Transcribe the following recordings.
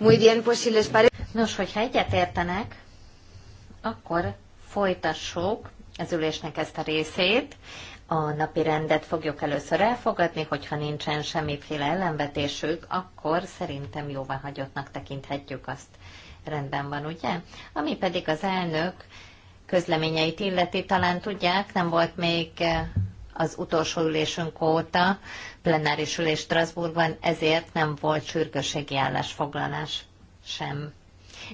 Muy bien, pues si les pare... Nos, hogyha egyetértenek, akkor folytassuk az ülésnek ezt a részét. A napi rendet fogjuk először elfogadni, hogyha nincsen semmiféle ellenvetésük, akkor szerintem hagyottnak tekinthetjük azt. Rendben van, ugye? Ami pedig az elnök közleményeit illeti, talán tudják, nem volt még eh, az utolsó ülésünk óta, plenáris ülés Strasbourgban, ezért nem volt sürgőségi állásfoglalás sem.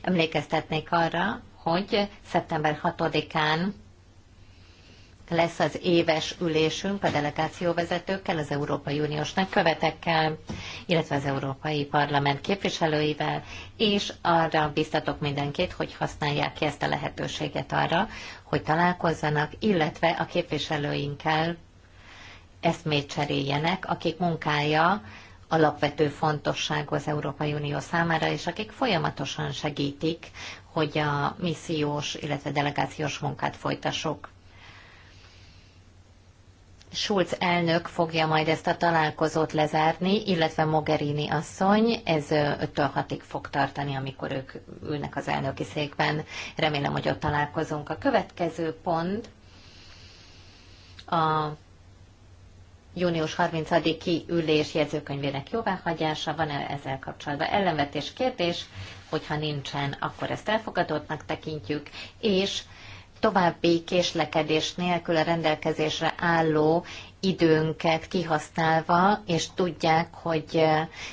Emlékeztetnék arra, hogy szeptember 6-án lesz az éves ülésünk a delegációvezetőkkel, az Európai Uniós nagykövetekkel, illetve az Európai Parlament képviselőivel, és arra biztatok mindenkit, hogy használják ki ezt a lehetőséget arra, hogy találkozzanak, illetve a képviselőinkkel eszmét cseréljenek, akik munkája alapvető fontosságú az Európai Unió számára, és akik folyamatosan segítik, hogy a missziós, illetve delegációs munkát folytassuk. Schulz elnök fogja majd ezt a találkozót lezárni, illetve Mogherini asszony, ez 5-től 6-ig fog tartani, amikor ők ülnek az elnöki székben. Remélem, hogy ott találkozunk. A következő pont a június 30-i ülés jegyzőkönyvének jóváhagyása, van-e ezzel kapcsolatban ellenvetés kérdés, hogyha nincsen, akkor ezt elfogadottnak tekintjük, és további késlekedés nélkül a rendelkezésre álló időnket kihasználva, és tudják, hogy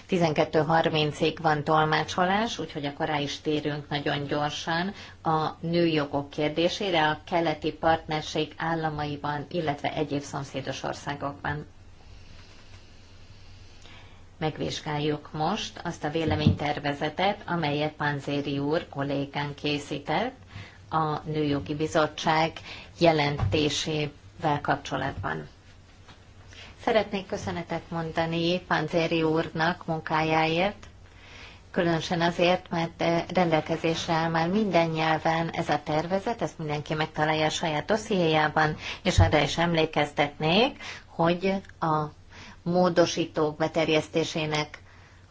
12.30-ig eh, van tolmácsolás, úgyhogy akkor rá is térünk nagyon gyorsan a nőjogok kérdésére a keleti partnerség államaiban, illetve egyéb szomszédos országokban. Megvizsgáljuk most azt a véleménytervezetet, amelyet Panzéri úr kollégán készített, a Nőjogi Bizottság jelentésével kapcsolatban. Szeretnék köszönetet mondani Panzéri úrnak munkájáért, különösen azért, mert eh, rendelkezésre áll már minden nyelven ez a tervezet, ezt mindenki megtalálja a saját dossziéjában, és arra is emlékeztetnék, hogy a módosítók beterjesztésének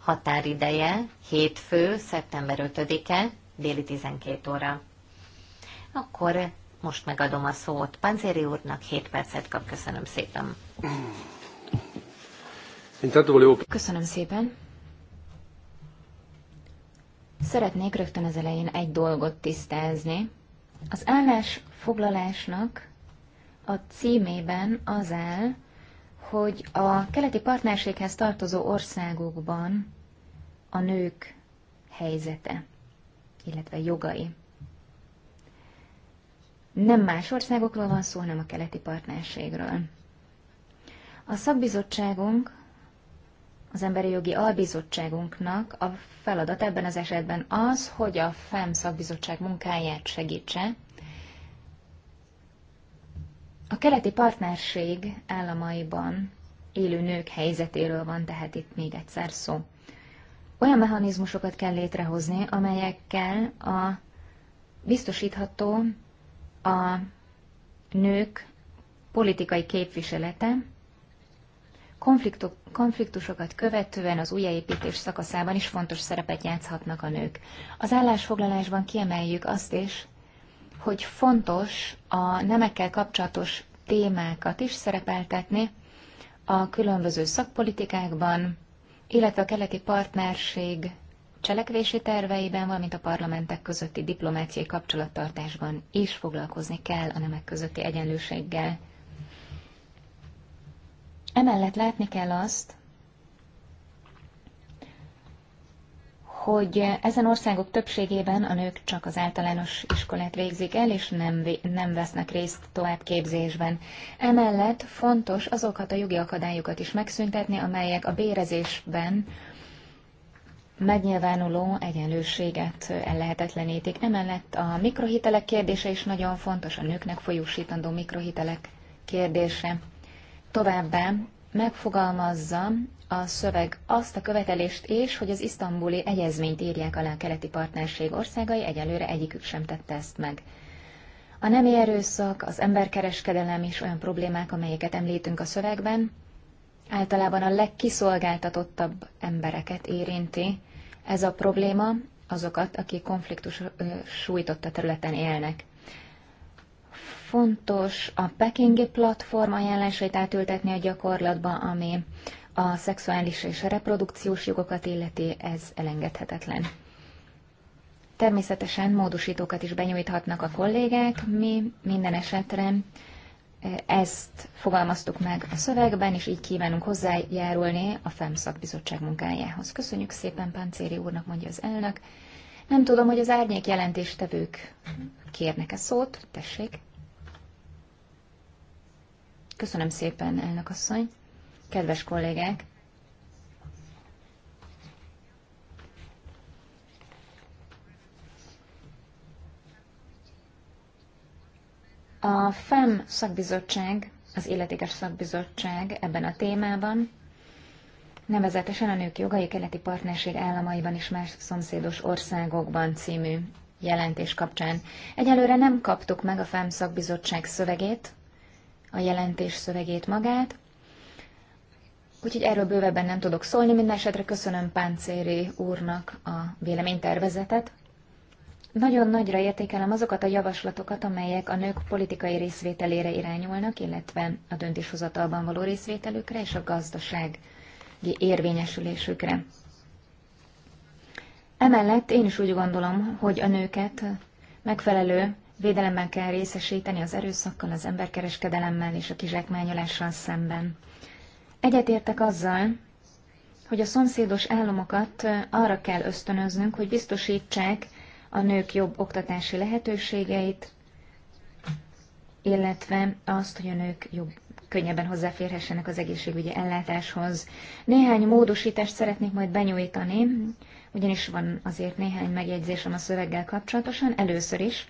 határideje hétfő, szeptember 5-e, déli 12 óra. Akkor most megadom a szót Panzéri úrnak, 7 percet kap. Köszönöm szépen. Köszönöm szépen. Szeretnék rögtön az elején egy dolgot tisztázni. Az állásfoglalásnak a címében az áll, hogy a keleti partnerséghez tartozó országokban a nők helyzete, illetve jogai. Nem más országokról van szó, hanem a keleti partnerségről. A szakbizottságunk, az Emberi Jogi Albizottságunknak a feladat ebben az esetben az, hogy a FEM szakbizottság munkáját segítse. A keleti partnerség államaiban élő nők helyzetéről van tehát itt még egyszer szó. Olyan mechanizmusokat kell létrehozni, amelyekkel a biztosítható a nők politikai képviselete konfliktusokat követően az újjáépítés szakaszában is fontos szerepet játszhatnak a nők. Az állásfoglalásban kiemeljük azt is, hogy fontos a nemekkel kapcsolatos témákat is szerepeltetni a különböző szakpolitikákban, illetve a keleti partnerség cselekvési terveiben, valamint a parlamentek közötti diplomáciai kapcsolattartásban is foglalkozni kell a nemek közötti egyenlőséggel. Emellett látni kell azt, hogy ezen országok többségében a nők csak az általános iskolát végzik el, és nem, nem vesznek részt továbbképzésben. Emellett fontos azokat a jogi akadályokat is megszüntetni, amelyek a bérezésben megnyilvánuló egyenlőséget ellehetetlenítik. Emellett a mikrohitelek kérdése is nagyon fontos, a nőknek folyósítandó mikrohitelek kérdése. Továbbá megfogalmazza a szöveg azt a követelést is, hogy az isztambuli egyezményt írják alá a keleti partnerség országai, egyelőre egyikük sem tette ezt meg. A nemi erőszak, az emberkereskedelem is olyan problémák, amelyeket említünk a szövegben, általában a legkiszolgáltatottabb embereket érinti. Ez a probléma azokat, akik konfliktus sújtotta területen élnek. Fontos a pekingi platform ajánlásait átültetni a gyakorlatba, ami a szexuális és a reprodukciós jogokat illeti, ez elengedhetetlen. Természetesen módosítókat is benyújthatnak a kollégák, mi minden esetre ezt fogalmaztuk meg a szövegben, és így kívánunk hozzájárulni a FEM szakbizottság munkájához. Köszönjük szépen Páncéri úrnak, mondja az elnök. Nem tudom, hogy az árnyék jelentéstevők kérnek-e szót. Tessék. Köszönöm szépen, elnök asszony. Kedves kollégák, A FEM szakbizottság, az Életékes Szakbizottság ebben a témában, nevezetesen a Nők Jogai Keleti Partnerség államaiban és más szomszédos országokban című jelentés kapcsán. Egyelőre nem kaptuk meg a FEM szakbizottság szövegét, a jelentés szövegét magát, úgyhogy erről bővebben nem tudok szólni, minden esetre köszönöm Páncéri úrnak a véleménytervezetet, nagyon nagyra értékelem azokat a javaslatokat, amelyek a nők politikai részvételére irányulnak, illetve a döntéshozatalban való részvételükre és a gazdasági érvényesülésükre. Emellett én is úgy gondolom, hogy a nőket megfelelő védelemmel kell részesíteni az erőszakkal, az emberkereskedelemmel és a kizsákmányolással szemben. Egyetértek azzal, hogy a szomszédos államokat arra kell ösztönöznünk, hogy biztosítsák a nők jobb oktatási lehetőségeit, illetve azt, hogy a nők jobb, könnyebben hozzáférhessenek az egészségügyi ellátáshoz. Néhány módosítást szeretnék majd benyújtani, ugyanis van azért néhány megjegyzésem a szöveggel kapcsolatosan. Először is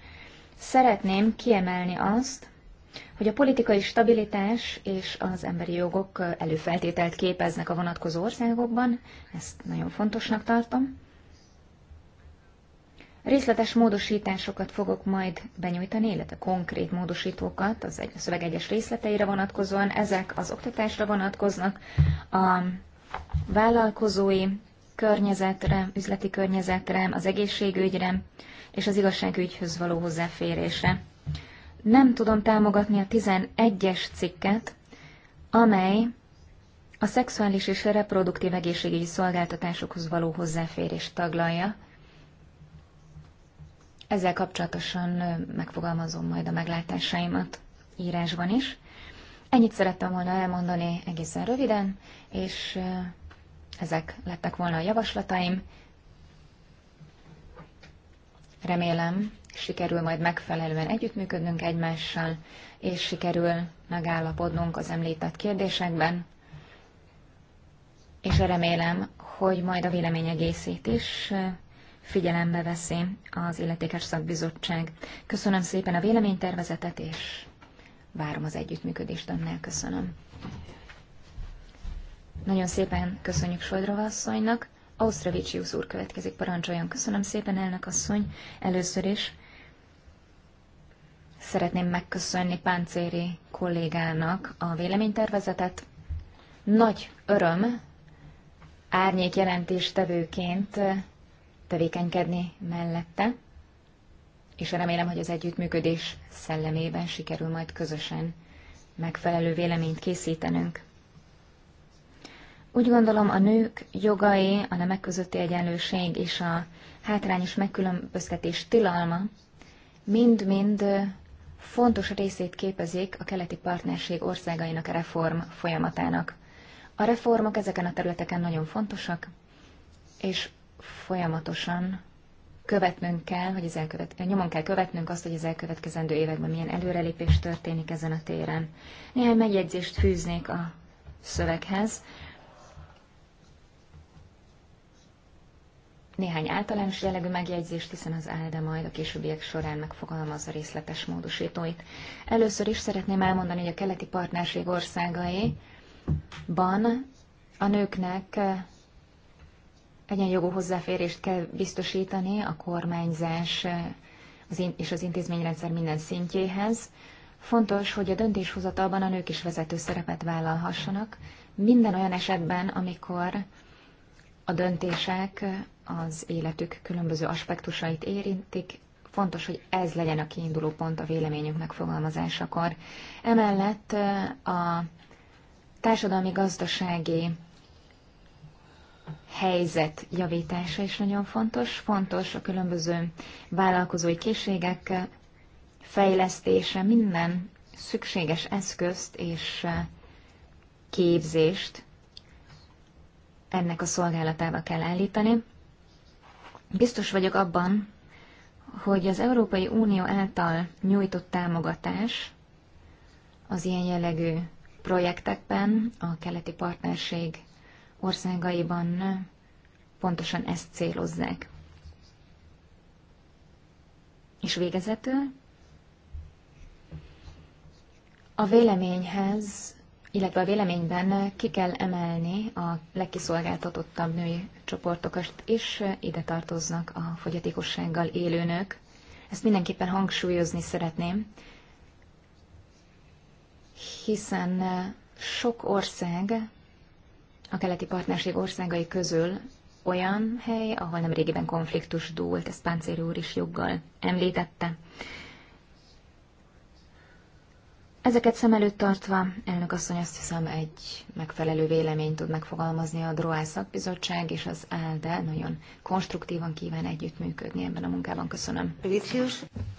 szeretném kiemelni azt, hogy a politikai stabilitás és az emberi jogok előfeltételt képeznek a vonatkozó országokban, ezt nagyon fontosnak tartom. Részletes módosításokat fogok majd benyújtani, illetve konkrét módosítókat az egy, a szöveg egyes részleteire vonatkozóan. Ezek az oktatásra vonatkoznak, a vállalkozói környezetre, üzleti környezetre, az egészségügyre és az igazságügyhöz való hozzáférésre. Nem tudom támogatni a 11-es cikket, amely a szexuális és reproduktív egészségügyi szolgáltatásokhoz való hozzáférést taglalja, ezzel kapcsolatosan megfogalmazom majd a meglátásaimat írásban is. Ennyit szerettem volna elmondani egészen röviden, és ezek lettek volna a javaslataim. Remélem, sikerül majd megfelelően együttműködnünk egymással, és sikerül megállapodnunk az említett kérdésekben, és remélem, hogy majd a véleményegészét is figyelembe veszi az illetékes szakbizottság. Köszönöm szépen a véleménytervezetet, és várom az együttműködést önnel. Köszönöm. Nagyon szépen köszönjük Sojdrova asszonynak. Ausztravicius úr következik, parancsoljon. Köszönöm szépen, elnök asszony. Először is szeretném megköszönni Páncéri kollégának a véleménytervezetet. Nagy öröm árnyék jelentéstevőként tevékenykedni mellette, és remélem, hogy az együttműködés szellemében sikerül majd közösen megfelelő véleményt készítenünk. Úgy gondolom, a nők jogai, a nemek közötti egyenlőség és a hátrányos megkülönböztetés tilalma mind-mind fontos részét képezik a keleti partnerség országainak a reform folyamatának. A reformok ezeken a területeken nagyon fontosak, és folyamatosan követnünk kell, hogy az elkövet, nyomon kell követnünk azt, hogy az elkövetkezendő években milyen előrelépés történik ezen a téren. Néhány megjegyzést fűznék a szöveghez. Néhány általános jellegű megjegyzést, hiszen az Álda majd a későbbiek során megfogalmazza részletes módosítóit. Először is szeretném elmondani, hogy a keleti partnerség országaiban a nőknek egyenjogú hozzáférést kell biztosítani a kormányzás eh, és az intézményrendszer minden szintjéhez. Fontos, hogy a döntéshozatalban a nők is vezető szerepet vállalhassanak, minden olyan esetben, amikor a döntések eh, az életük különböző aspektusait érintik, fontos, hogy ez legyen a kiinduló pont a véleményük megfogalmazásakor. Emellett eh, a társadalmi-gazdasági helyzet javítása is nagyon fontos. Fontos a különböző vállalkozói készségek fejlesztése, minden szükséges eszközt és eh, képzést ennek a szolgálatába kell állítani. Biztos vagyok abban, hogy az Európai Unió által nyújtott támogatás az ilyen jellegű projektekben, a keleti partnerség országaiban pontosan ezt célozzák. És végezetül a véleményhez, illetve a véleményben ki kell emelni a legkiszolgáltatottabb női csoportokat is, ide tartoznak a fogyatékossággal élő nők. Ezt mindenképpen hangsúlyozni szeretném, hiszen sok ország a keleti partnerség országai közül olyan hely, ahol nem régiben konfliktus dúlt, ezt Páncéri úr is joggal említette. Ezeket szem előtt tartva, elnök asszony azt hiszem egy megfelelő véleményt tud megfogalmazni a DROA szakbizottság, és az ALDE nagyon konstruktívan kíván együttműködni ebben a munkában. Köszönöm.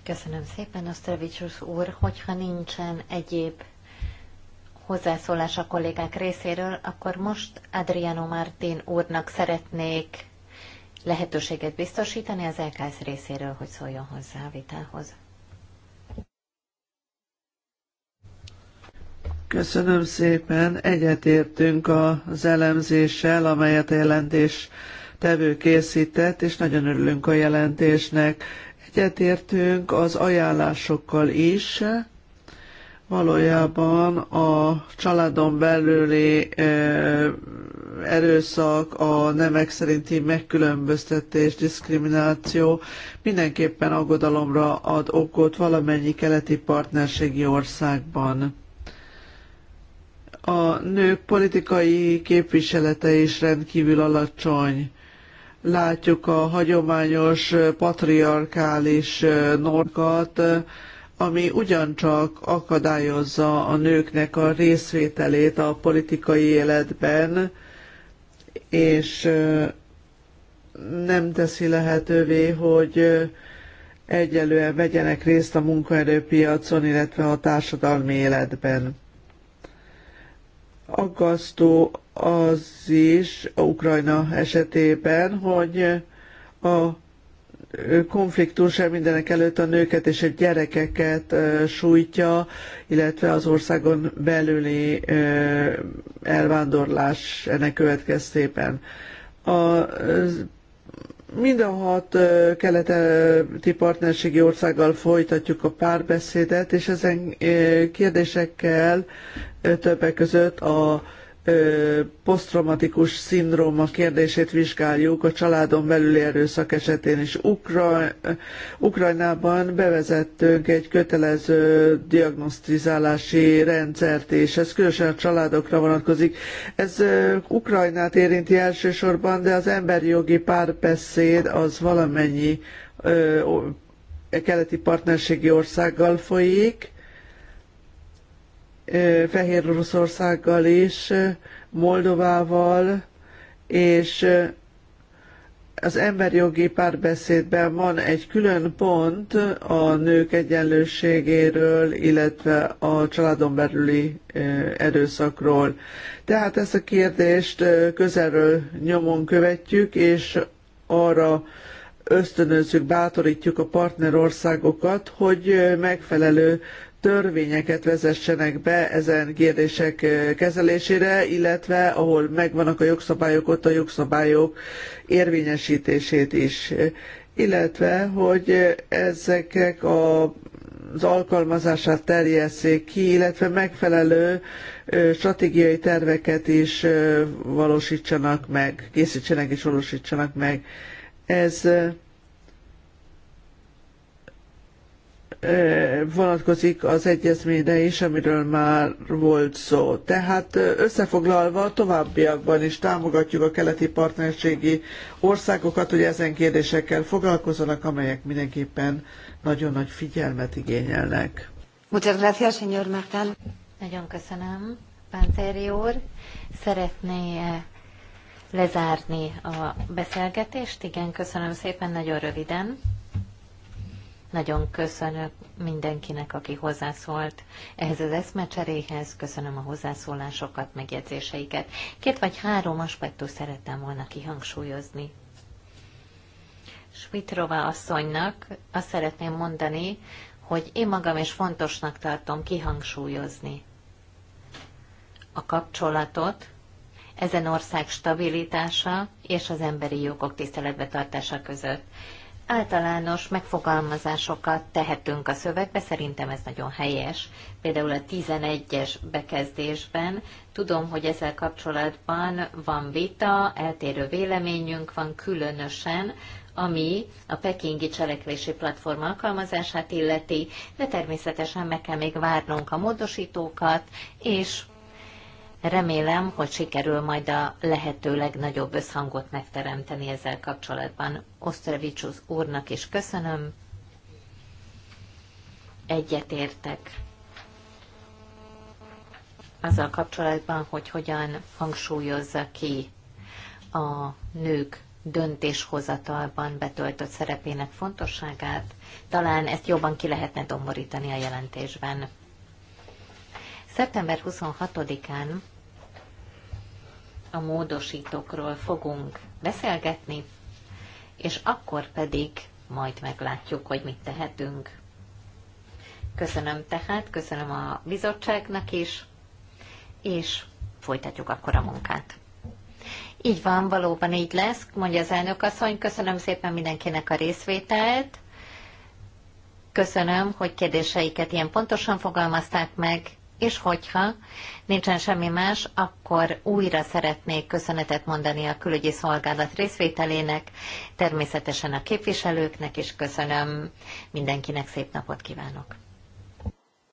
Köszönöm szépen, Osztravicsus úr, hogyha nincsen egyéb hozzászólás a kollégák részéről, akkor most Adriano Martin úrnak szeretnék lehetőséget biztosítani az LKS részéről, hogy szóljon hozzá a vitához. Köszönöm szépen, egyetértünk az elemzéssel, amelyet a jelentés tevő készített, és nagyon örülünk a jelentésnek. Egyetértünk az ajánlásokkal is, valójában a családon belüli eh, erőszak, a nemek szerinti megkülönböztetés, diszkrimináció mindenképpen aggodalomra ad okot valamennyi keleti partnerségi országban. A nők politikai képviselete is rendkívül alacsony látjuk a hagyományos patriarkális eh, normákat, ami ugyancsak akadályozza a nőknek a részvételét a politikai életben, és nem teszi lehetővé, hogy egyelően vegyenek részt a munkaerőpiacon, illetve a társadalmi életben. Aggasztó az is Ukrajna esetében, hogy a konfliktus mindenek előtt a nőket és a gyerekeket sújtja, illetve az országon belüli elvándorlás ennek következtében. A mind a hat keleti partnerségi országgal folytatjuk a párbeszédet, és ezen kérdésekkel többek között a posztraumatikus szindróma kérdését vizsgáljuk a családon belüli erőszak esetén is. Ukrajnában bevezettünk egy kötelező diagnosztizálási rendszert, és ez különösen a családokra vonatkozik. Ez Ukrajnát érinti elsősorban, de az emberi jogi párbeszéd az valamennyi keleti partnerségi országgal folyik, Fehér Oroszországgal is, Moldovával, és az emberjogi párbeszédben van egy külön pont a nők egyenlőségéről, illetve a családon belüli erőszakról. Tehát ezt a kérdést közelről nyomon követjük, és arra ösztönözzük, bátorítjuk a partnerországokat, hogy megfelelő törvényeket vezessenek be ezen kérdések kezelésére, illetve ahol megvannak a jogszabályok, ott a jogszabályok érvényesítését is. Illetve, hogy ezeknek a az alkalmazását terjesszék ki, illetve megfelelő stratégiai terveket is valósítsanak meg, készítsenek és valósítsanak meg. Ez vonatkozik az egyezményre is, amiről már volt szó. Tehát összefoglalva továbbiakban is támogatjuk a keleti partnerségi országokat, hogy ezen kérdésekkel foglalkozzanak, amelyek mindenképpen nagyon nagy figyelmet igényelnek. Muchas gracias, señor Martán. Nagyon köszönöm, Páncéri úr. Szeretné eh, lezárni a beszélgetést? Igen, köszönöm szépen, nagyon röviden. Nagyon köszönöm mindenkinek, aki hozzászólt ehhez az eszmecseréhez, köszönöm a hozzászólásokat, megjegyzéseiket. Két vagy három aspektus szerettem volna kihangsúlyozni. Svitrova asszonynak azt szeretném mondani, hogy én magam is fontosnak tartom kihangsúlyozni a kapcsolatot, ezen ország stabilitása és az emberi jogok tiszteletbe tartása között általános megfogalmazásokat tehetünk a szövegbe, szerintem ez nagyon helyes. Például a 11-es bekezdésben tudom, hogy ezzel kapcsolatban van vita, eltérő véleményünk van különösen, ami a pekingi cselekvési platform alkalmazását illeti, de természetesen meg kell még várnunk a módosítókat, és Remélem, hogy sikerül majd a lehető legnagyobb összhangot megteremteni ezzel kapcsolatban. Osztrevicsus úrnak is köszönöm. Egyetértek azzal kapcsolatban, hogy hogyan hangsúlyozza ki a nők döntéshozatalban betöltött szerepének fontosságát. Talán ezt jobban ki lehetne domborítani a jelentésben. Szeptember 26-án a módosítókról fogunk beszélgetni, és akkor pedig majd meglátjuk, hogy mit tehetünk. Köszönöm tehát, köszönöm a bizottságnak is, és folytatjuk akkor a munkát. Így van, valóban így lesz, mondja az elnök asszony. Köszönöm szépen mindenkinek a részvételt. Köszönöm, hogy kérdéseiket ilyen pontosan fogalmazták meg és hogyha nincsen semmi más, akkor újra szeretnék köszönetet mondani a külügyi szolgálat részvételének, természetesen a képviselőknek, és köszönöm mindenkinek szép napot kívánok.